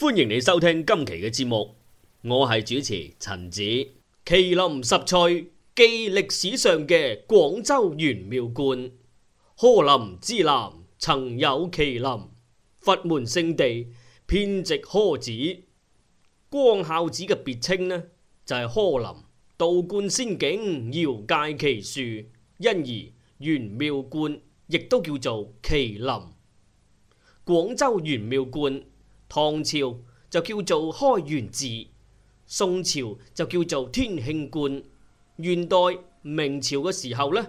歡迎你收聽今期嘅節目，我係主持陳子。麒麟十萃記歷史上嘅廣州元妙觀，柯林之南曾有麒麟，佛門聖地遍植柯子，光孝寺嘅別稱呢就係、是、柯林，道觀仙境遙界奇樹，因而元妙觀亦都叫做麒麟。廣州元妙觀。唐朝就叫做開元寺，宋朝就叫做天慶觀，元代、明朝嘅時候咧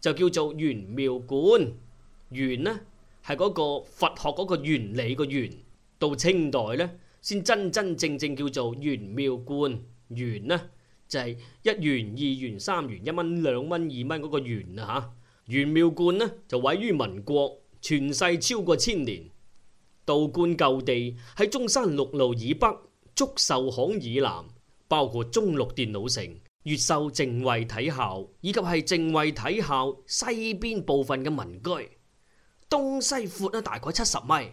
就叫做元妙觀。元呢係嗰個佛學嗰個原理嘅元。到清代咧先真真正正叫做元妙觀。元呢就係、是、一元、二元、三元、一蚊、兩蚊、二蚊嗰個元啊吓。元妙觀呢就位於民國，存世超過千年。道觀舊地喺中山六路以北、竹壽巷以南，包括中六電腦城、越秀淨慧體校以及係淨慧體校西邊部分嘅民居。東西闊啊大概七十米，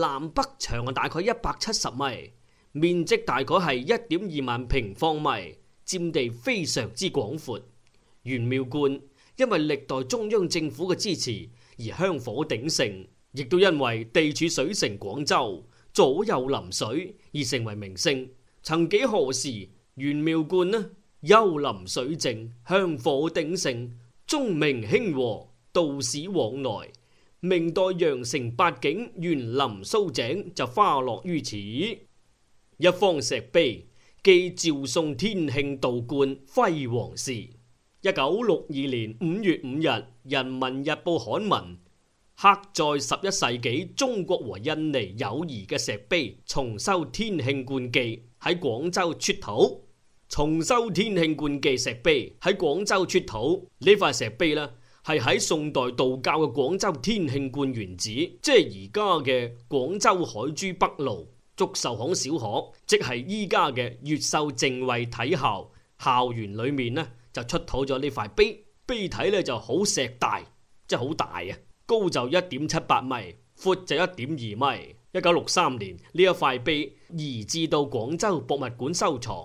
南北長啊大概一百七十米，面積大概係一點二萬平方米，占地非常之廣闊。元妙觀因為歷代中央政府嘅支持而香火鼎盛。亦都因為地處水城廣州，左右臨水而成為名勝。曾幾何時，元妙觀呢幽林水靜，香火鼎盛，鐘鳴興和，道士往來。明代羊城八景《元林蘇井》就花落於此。一方石碑記趙宋天慶道觀輝煌時。一九六二年五月五日，《人民日報》刊文。刻在十一世紀中國和印尼友誼嘅石碑，重修天慶觀記喺廣州出土。重修天慶觀記石碑喺廣州出土。呢塊石碑呢，係喺宋代道教嘅廣州天慶觀原址，即係而家嘅廣州海珠北路祝壽巷小學，即係依家嘅越秀淨慧體校校園裏面呢，就出土咗呢塊碑。碑體呢，就好石大，即係好大啊！高就一點七八米，闊就一點二米。一九六三年呢，一塊碑移至到廣州博物館收藏，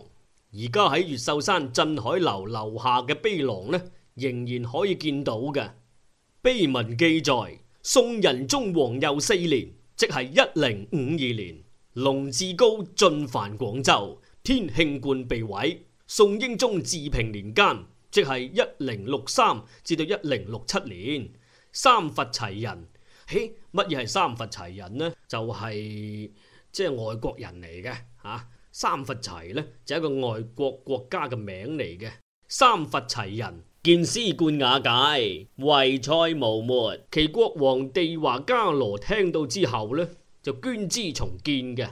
而家喺越秀山鎮海樓樓下嘅碑廊呢，仍然可以見到嘅碑文記載：宋仁宗皇佑四年，即係一零五二年，龍志高進犯廣州，天慶觀被毀。宋英宗治平年間，即係一零六三至到一零六七年。三佛齊人，嘿，乜嘢係三佛齊人呢？就係即係外國人嚟嘅。吓、啊，三佛齊呢就係、一個外國國家嘅名嚟嘅。三佛齊人見詩觀瓦解，為賽無末。其國王地華伽羅聽到之後呢，就捐資重建嘅，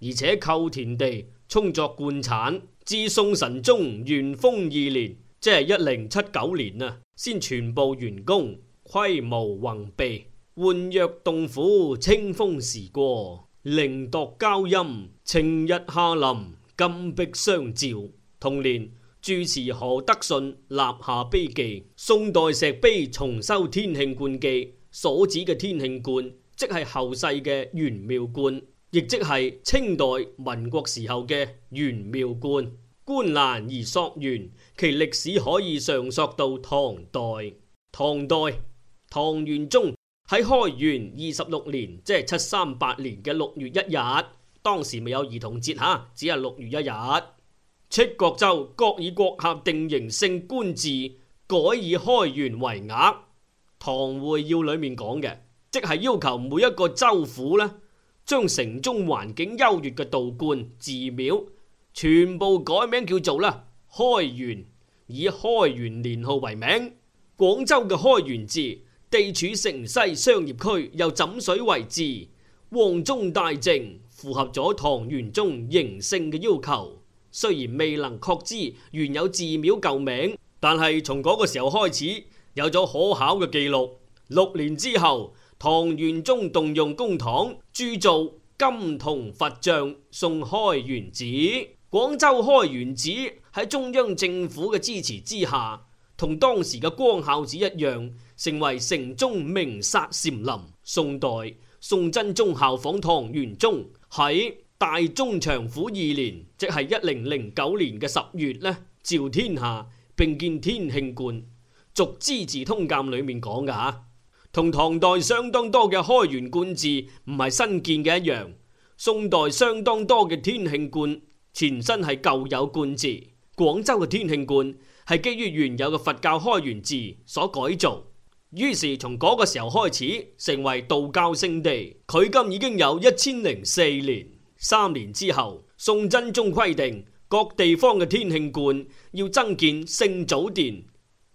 而且購田地充作觀產。至宋神宗元豐二年，即係一零七九年啊，先全部完工。規模宏備，宛若洞府；清風時過，靈鐸交音。晴日下臨，金碧相照。同年，住持何德順立下碑記。宋代石碑重修天慶觀記，所指嘅天慶觀，即係後世嘅元妙觀，亦即係清代民國時候嘅元妙觀。觀難而溯源，其歷史可以上溯到唐代。唐代。唐玄宗喺開元二十六年，即係七三八年嘅六月一日，當時未有兒童節哈，只係六月一日。七國州各以郭下定形勝觀寺，改以開元為額。唐會要裏面講嘅，即係要求每一個州府咧，將城中環境優越嘅道觀、寺廟，全部改名叫做啦開元，以開元年號為名。廣州嘅開元寺。地處城西商業區，又枕水為址，旺中帶靜，符合咗唐玄宗營聖嘅要求。雖然未能確知原有寺廟舊名，但係從嗰個時候開始有咗可考嘅記錄。六年之後，唐玄宗動用公帑鑄造金銅佛像，送開元寺。廣州開元寺喺中央政府嘅支持之下，同當時嘅光孝寺一樣，成為城中名剎禪林。宋代宋真宗效仿唐玄宗喺，大中祥符二年，即係一零零九年嘅十月咧，詔天下並建天慶觀。《續資治通鑑》裏面講嘅啊，同唐代相當多嘅開元觀寺唔係新建嘅一樣，宋代相當多嘅天慶觀前身係舊有觀寺。廣州嘅天慶觀係基於原有嘅佛教開元寺所改造。於是從嗰個時候開始，成為道教聖地。距今已經有一千零四年。三年之後，宋真宗規定各地方嘅天慶觀要增建聖祖殿，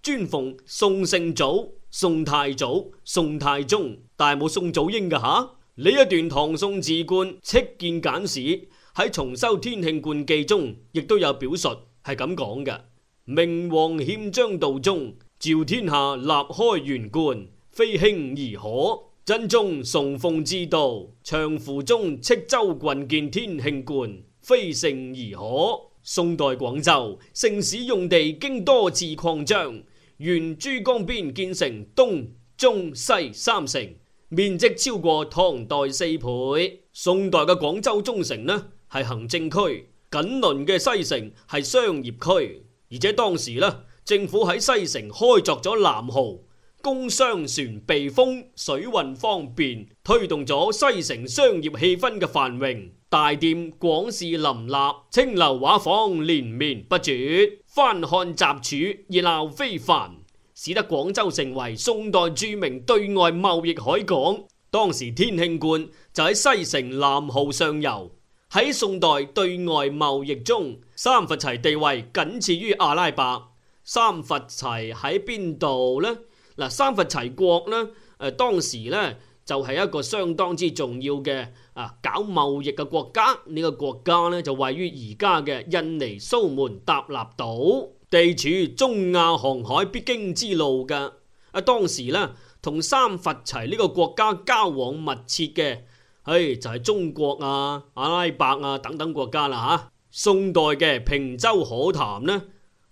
專奉宋聖祖、宋太祖、宋太宗，但係冇宋祖英嘅吓。呢一段唐宋字觀斥建簡史喺重修天慶觀記中亦都有表述，係咁講嘅：明王憲章道宗。召天下立開元觀，非興而可；真宗崇奉之道，長符中斥州郡建天慶觀，非盛而可。宋代廣州城市用地經多次擴張，沿珠江邊建成東、中、西三城，面積超過唐代四倍。宋代嘅廣州中城呢係行政區，緊鄰嘅西城係商業區，而且當時呢。政府喺西城開鑿咗南濠，工商船避風，水運方便，推動咗西城商業氣氛嘅繁榮。大店廣市林立，青樓畫舫連綿不絕，番漢雜處熱鬧非凡，使得廣州成為宋代著名對外貿易海港。當時天慶觀就喺西城南濠上游。喺宋代對外貿易中，三佛齊地位僅次於阿拉伯。三佛齊喺邊度呢？嗱，三佛齊國呢，誒、呃，當時咧就係、是、一個相當之重要嘅啊，搞貿易嘅國家。呢、這個國家呢，就位於而家嘅印尼蘇門答臘島，地處中亞航海必經之路噶。啊，當時咧同三佛齊呢個國家交往密切嘅，唉、哎，就係、是、中國啊、阿拉伯啊等等國家啦吓、啊。宋代嘅萍洲可談呢？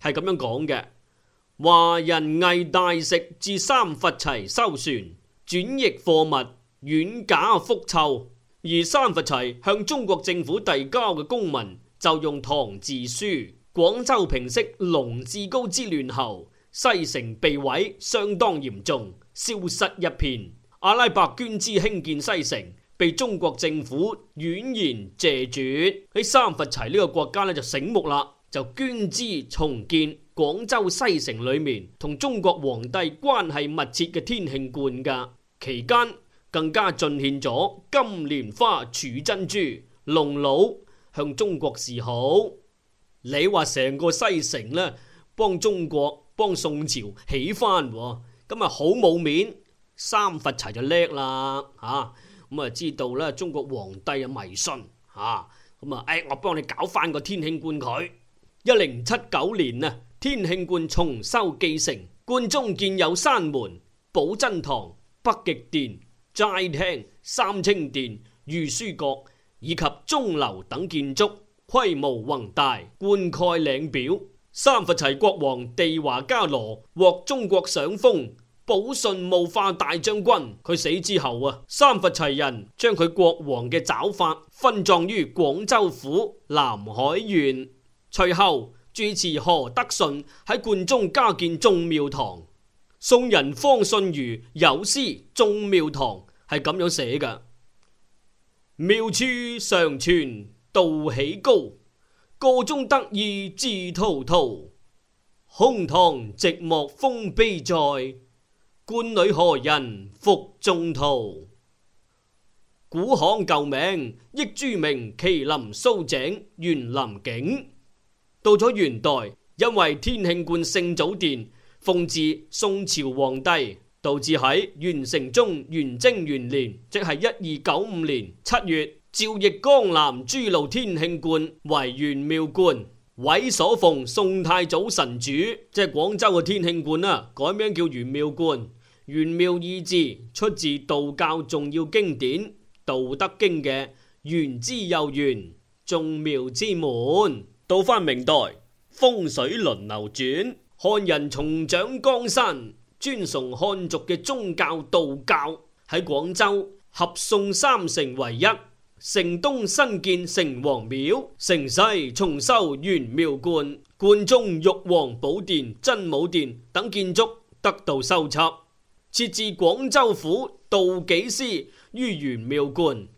係咁樣講嘅，華人偽大食至三佛齊收船轉易貨物遠假復臭，而三佛齊向中國政府遞交嘅公文就用唐字書。廣州平息龍志高之亂後，西城被毀相當嚴重，消失一片。阿拉伯捐資興建西城，被中國政府婉言謝絕。喺三佛齊呢個國家呢，就醒目啦。就捐資重建廣州西城裏面同中國皇帝關係密切嘅天慶觀噶，期間更加進獻咗金蓮花、儲珍珠、龍腦，向中國示好。你話成個西城呢，幫中國幫宋朝起翻，咁、哦、啊好冇面，三佛齊就叻啦吓，咁啊知道咧中國皇帝嘅迷信吓，咁啊誒、哎、我幫你搞翻個天慶觀佢。一零七九年啊，天慶觀重修繼承，觀中建有山門、寶珍堂、北極殿、齋廳、三清殿、御書閣以及鐘樓等建築，規模宏大，冠蓋嶺表。三佛齊國王地華加羅獲中國賞封寶順慕化大將軍。佢死之後啊，三佛齊人將佢國王嘅爪髮分葬於廣州府南海縣。隨後，主持何德順喺觀中加建眾廟堂。宋人方信如有詩《眾廟堂》係咁樣寫嘅：廟處常泉道喜高，個中得意志滔滔。空堂寂寞風悲在，觀裏何人復眾徒？古巷舊名憶諸名，麒麟蘇井園林景。到咗元代，因為天慶觀聖祖殿奉祀宋朝皇帝，導致喺元成宗元貞元年，即係一二九五年七月，照易江南諸路天慶觀為元妙觀，委所奉宋太祖神主，即係廣州嘅天慶觀啊，改名叫元妙觀。元妙二字出自道教重要經典《道德經》嘅“元之又元，眾妙之門”。到翻明代，風水輪流轉，漢人重掌江山，尊崇漢族嘅宗教道教。喺廣州合宋三城為一，城東新建城隍廟，城西重修元妙觀，觀中玉皇寶殿、真武殿等建築得到修葺，設置廣州府道紀司於元妙觀，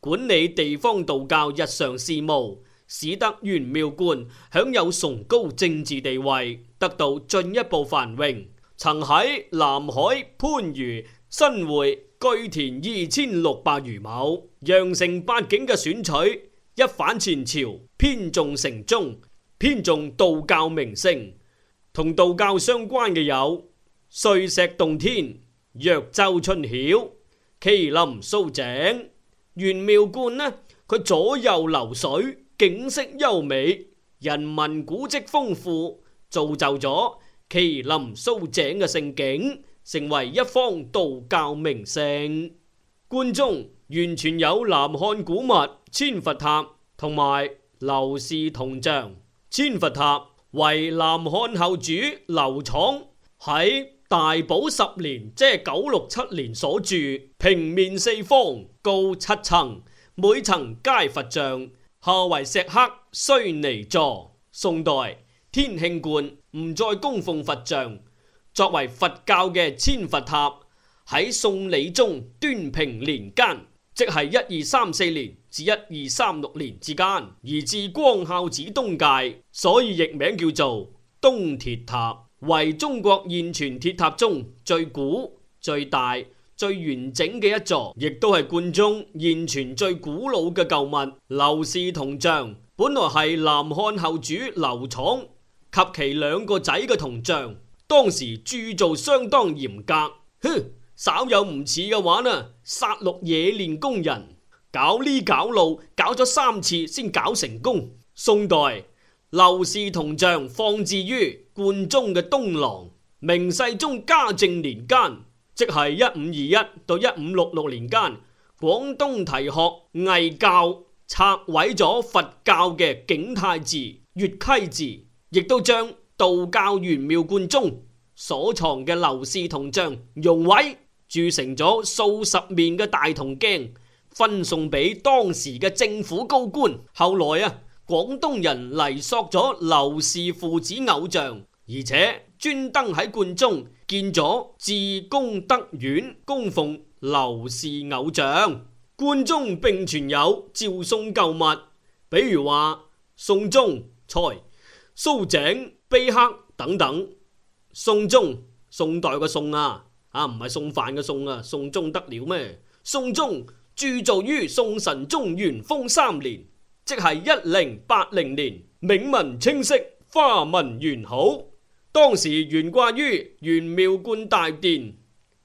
管理地方道教日常事務。使得元妙觀享有崇高政治地位，得到進一步繁榮。曾喺南海、番禺、新會居田二千六百餘畝，羊城八景嘅選取一反前朝偏重城中，偏重道教名聲，同道教相關嘅有碎石洞天、藥洲春曉、麒麟蘇井。元妙觀呢，佢左右流水。景色優美，人文古迹豐富，造就咗麒麟蘇井嘅勝景，成為一方道教名勝。觀中完全有南漢古物千佛塔同埋劉氏銅像。千佛塔為南漢後主劉鋹喺大寶十年，即係九六七年所住，平面四方，高七層，每層皆佛像。後為石刻須彌座，宋代天慶觀唔再供奉佛像，作為佛教嘅千佛塔喺宋理宗端平年間，即係一二三四年至一二三六年之間，而至光孝寺東界，所以亦名叫做東鐵塔，為中國現存鐵塔中最古、最大。最完整嘅一座，亦都係觀中現存最古老嘅舊物。劉氏銅像本來係南漢後主劉鋹及其兩個仔嘅銅像，當時鑄造相當嚴格。哼，稍有唔似嘅話呢，殺戮冶煉工人，搞呢搞路，搞咗三次先搞成功。宋代劉氏銅像放置於觀中嘅東廊，明世宗嘉靖年間，即係一五二一到一五六六年間，廣東提學偽教拆毀咗佛教嘅景泰寺、月溪寺，亦都將道教元妙觀中所藏嘅劉氏銅像溶毀，鑄成咗數十面嘅大銅鏡，分送俾當時嘅政府高官。後來啊，廣東人泥塑咗劉氏父子偶像，而且，專登喺觀中建咗自功德院，供奉劉氏偶像。觀中並存有趙宋舊物，比如話宋鐘、蔡蘇井碑刻等等。宋鐘，宋代嘅宋啊，啊唔係送飯嘅宋啊，宋鐘得了咩？宋鐘鑄造於宋神宗元豐三年，即係一零八零年，銘文清晰，花紋完好。當時懸掛於元妙觀大殿，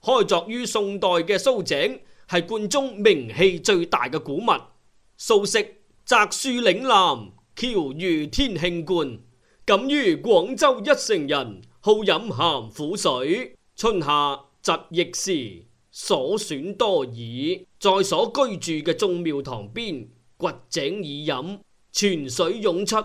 開鑿於宋代嘅蘇井，係觀中名氣最大嘅古物。蘇軾擇樹嶺南，橋如天慶觀，敢於廣州一城人好飲鹹苦水，春夏疾疫時所選多矣，在所居住嘅宗廟堂邊掘井已飲，泉水湧出，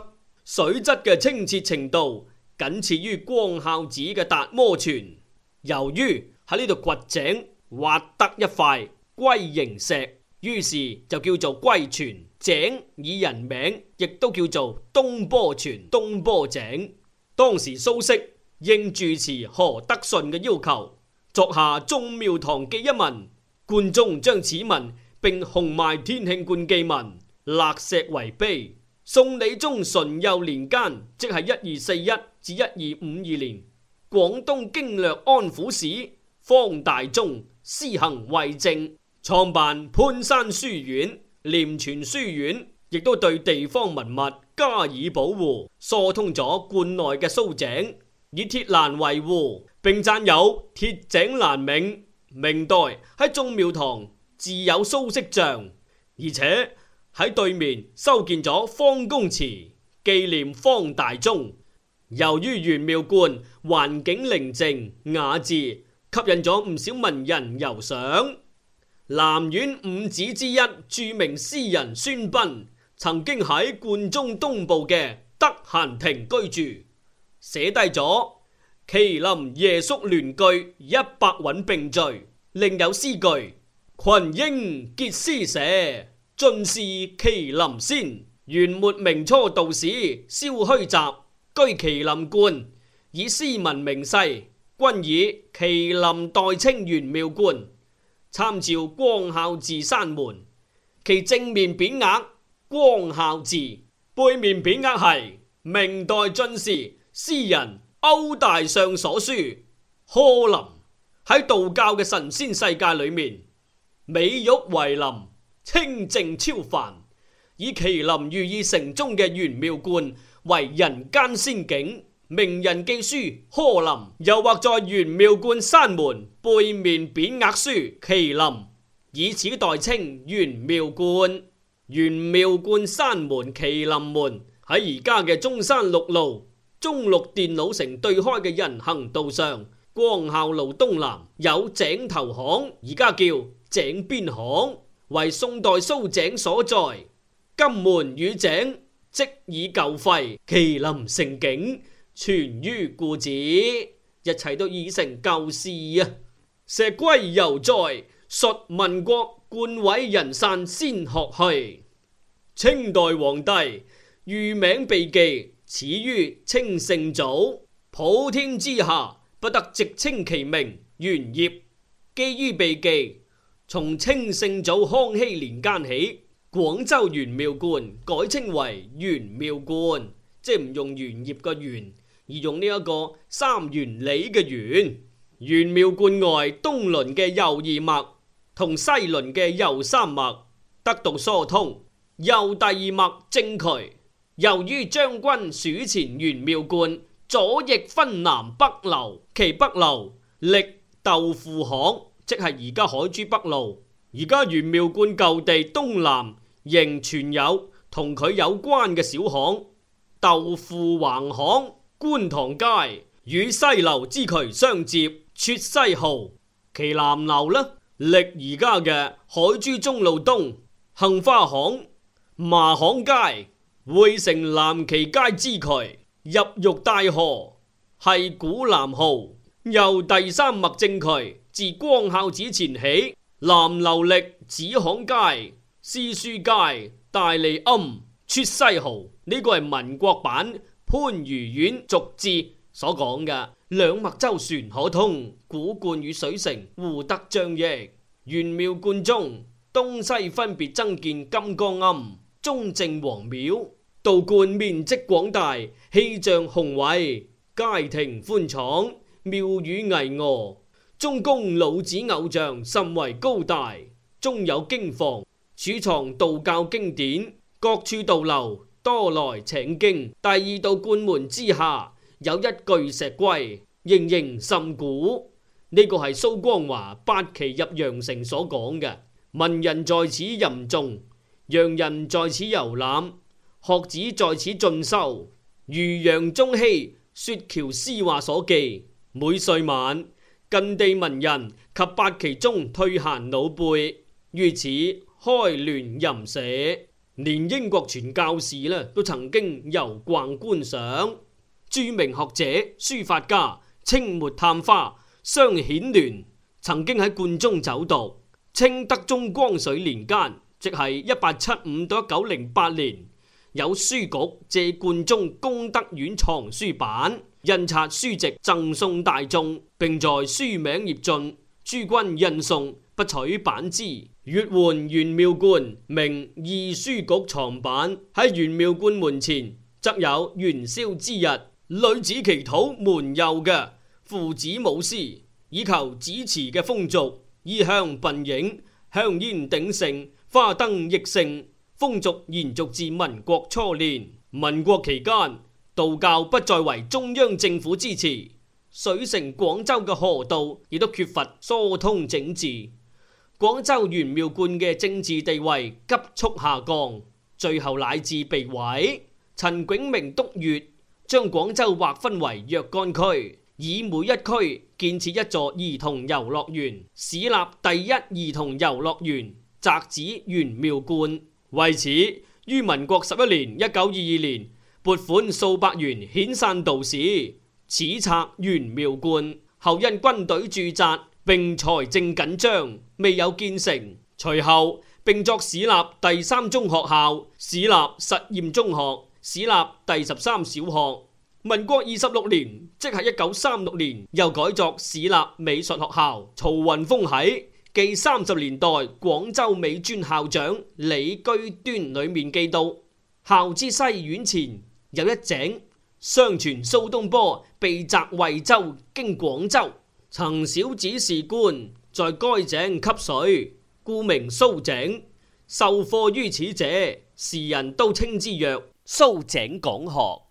水質嘅清澈程度，僅次於光孝寺嘅達摩泉，由於喺呢度掘井挖得一塊龜形石，於是就叫做龜泉井，以人名亦都叫做東波泉、東波井。當時蘇軾應住持何德順嘅要求，作下眾妙堂記一文，觀中將此文並紅埋天慶觀記文，勒石為碑。宋理宗淳佑年間，即係一二四一。至一二五二年，廣東經略安撫使方大忠施行惠政，創辦潘山書院、廉泉書院，亦都對地方文物加以保護，疏通咗觀內嘅蘇井，以鐵欄維護，並贊有鐵井欄銘。明代喺眾廟堂自有蘇軾像，而且喺對面修建咗方公祠紀念方大忠。由於元妙觀環境寧靜雅致，吸引咗唔少文人遊賞。南苑五子之一著名詩人孫斌曾經喺觀中東部嘅德閒亭居住，寫低咗《麒麟夜宿聯句》一百韻並序，另有詩句：群英結詩社，盡是麒麟仙。元末明初道士蕭虛集。居麒麟觀，以詩文名世，均以麒麟代稱玄妙觀。參照光孝寺山門，其正面匾額“光孝寺”，背面匾額係明代進士詩人歐大上所書“柯林”。喺道教嘅神仙世界裏面，美玉為林，清靜超凡，以麒麟寓意城中嘅玄妙觀，為人間仙境。即以舊廢，其林成景，存於故紙，一切都已成舊事啊！石龜猶在，述民國冠位人散先學去。清代皇帝御名避忌，始於清聖祖，普天之下不得直稱其名原業，基於避忌，從清聖祖康熙年間起。廣州玄妙觀改稱為元妙觀，即係唔用玄業嘅玄，而用呢一個三元里嘅元。玄妙觀外東鄰嘅右二脈同西鄰嘅右三脈得到疏通，右第二脈正渠。由於將軍署前玄妙觀左翼分南北流，其北流歷豆腐巷，即係而家海珠北路。而家玄妙觀舊地東南。仍存有同佢有關嘅小巷，豆腐橫巷、觀塘街與西樓之渠相接，撮西濠；其南流呢，歷而家嘅海珠中路東杏花巷、麻巷街匯成南旗街之渠，入玉帶河，係古南濠。由第三脈正渠自光孝寺前起，南流歷子巷街。詩書街大利庵出西濠，呢、這個係民國版番禺縣續志所講嘅。兩脈舟船可通古觀與水城，互得仗益。元妙觀中東西分別增建金剛庵、中正王廟。道觀面積廣大，氣象宏偉，街庭寬敞，廟宇巍峨。中宮老子偶像甚為高大，中有經房。儲藏道教經典，各處道流多來請經。第二道冠門之下有一巨石龜，形形甚古。呢、這個係蘇光華八旗入羊城所講嘅。文人在此吟誦，洋人在此遊覽，學子在此進修。如楊鍾羲雪橋詩話所記，每歲晚，近地文人及八旗中退閒老輩於此，開聯吟社，連英國傳教士咧都曾經遊逛觀賞。著名學者、書法家清末探花商衍鎏曾經喺觀中走讀。清德宗光緒年間，即係一八七五到一九零八年，有書局借觀中功德院藏書版印刷書籍贈送大眾，並在書名頁進諸君印送。不取版之月，換元妙觀明義書局藏版喺元妙觀門前，則有元宵之日女子祈禱門右嘅父子母師，以求子嗣嘅風俗，衣香鬢影，香煙鼎盛，花燈亦盛，風俗延續至民國初年。民國期間，道教不再為中央政府支持，水城廣州嘅河道亦都缺乏疏通整治。廣州元妙觀嘅政治地位急速下降，最後乃至被毀。陳炯明督粵，將廣州劃分為若干區，以每一區建設一座兒童遊樂園，市立第一兒童遊樂園，擇址元妙觀。為此，於民國十一年（一九二二年）撥款數百元遣散道士，此拆元妙觀。後因軍隊駐紮。並財政緊張，未有建成。隨後並作市立第三中學校、市立實驗中學、市立第十三小學。民國二十六年，即係一九三六年，又改作市立美術學校。曹云峰喺《記三十年代廣州美專校長李居端》裏面記到：校之西院前有一井，相傳蘇東坡被謫惠州，經廣州。曾小子是官，在該井吸水，故名蘇井。受課於此者，時人都稱之曰蘇井講學。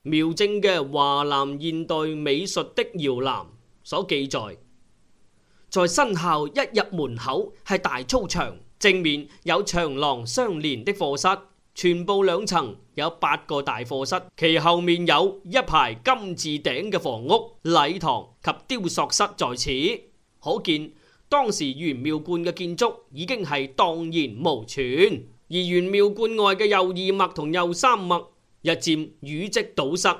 苗正嘅《華南現代美術的搖籃》所記載，在新校一入門口係大操場，正面有長廊相連的課室。全部兩層有八個大課室，其後面有一排金字頂嘅房屋禮堂及雕塑室在此，可見當時元妙觀嘅建築已經係蕩然無存。而元妙觀外嘅右二脈同右三脈日漸淤積堵塞，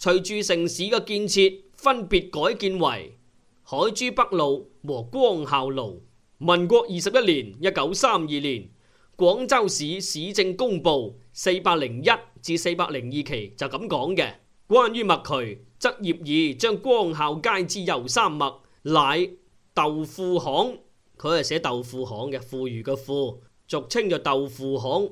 隨住城市嘅建設，分別改建為海珠北路和光孝路。民國二十一年（一九三二年）。廣州市市政公報四百零一至四百零二期就咁講嘅，關於墨渠，則業已將光孝街之右三墨乃豆腐行，佢係寫豆腐行嘅富裕嘅富，俗稱做豆腐行。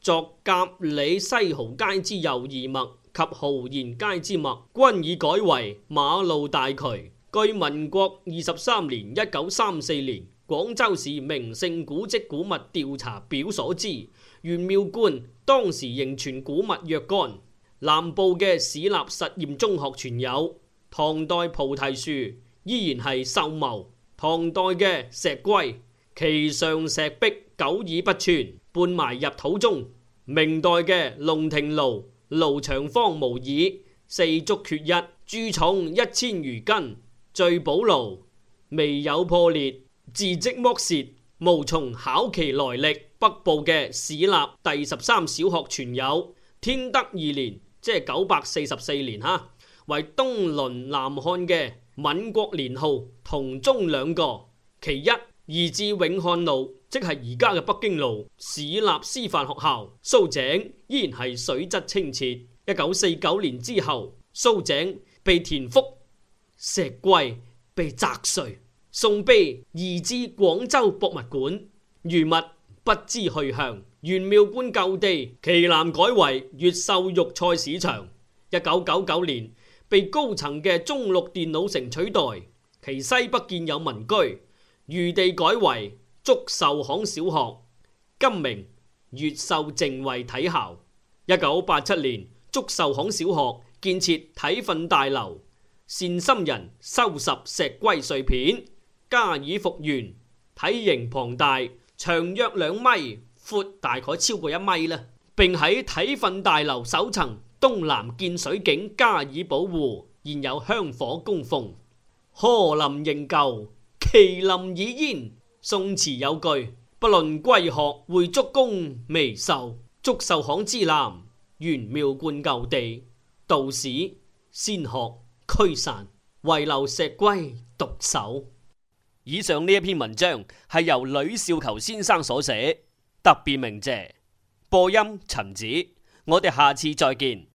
作甲里西濠街之右二墨及豪賢街之墨，均已改為馬路大渠。據民國二十三年（一九三四年）。廣州市名勝古蹟古物調查表所知，元妙觀當時仍存古物若干。南部嘅市立實驗中學存有唐代菩提樹，依然係秀茂。唐代嘅石龜其上石壁久已不存，半埋入土中。明代嘅龍亭爐爐長方無耳，四足缺一，朱重一千餘斤，最寶爐未有破裂。字迹剝蝕，無從考其來歷。北部嘅市立第十三小學全有天德二年，即係九百四十四年，哈，為東鄰南漢嘅閩國年號同中兩個，其一移至永漢路，即係而家嘅北京路市立師範學校。蘇井依然係水質清澈。一九四九年之後，蘇井被填覆，石龜被砸碎。宋碑移至廣州博物館，餘物不知去向。元妙觀舊地，其南改為越秀肉菜市場。一九九九年被高層嘅中六電腦城取代，其西北建有民居，餘地改為祝壽巷小學，今名越秀淨慧體校。一九八七年祝壽巷小學建設體訓大樓，善心人收拾石龜碎片。加以復原，體型龐大，長約兩米，闊大概超過一米啦。並喺體訓大樓首層東南建水景加以保護，現有香火供奉。鶴林仍舊，奇林已焉。宋詞有句：不論歸鶴回竹宮，未壽祝壽巷之南元妙觀舊地，道士先學驅散，遺留石龜獨守。以上呢一篇文章係由呂少球先生所寫，特別鳴謝播音陳子。我哋下次再見。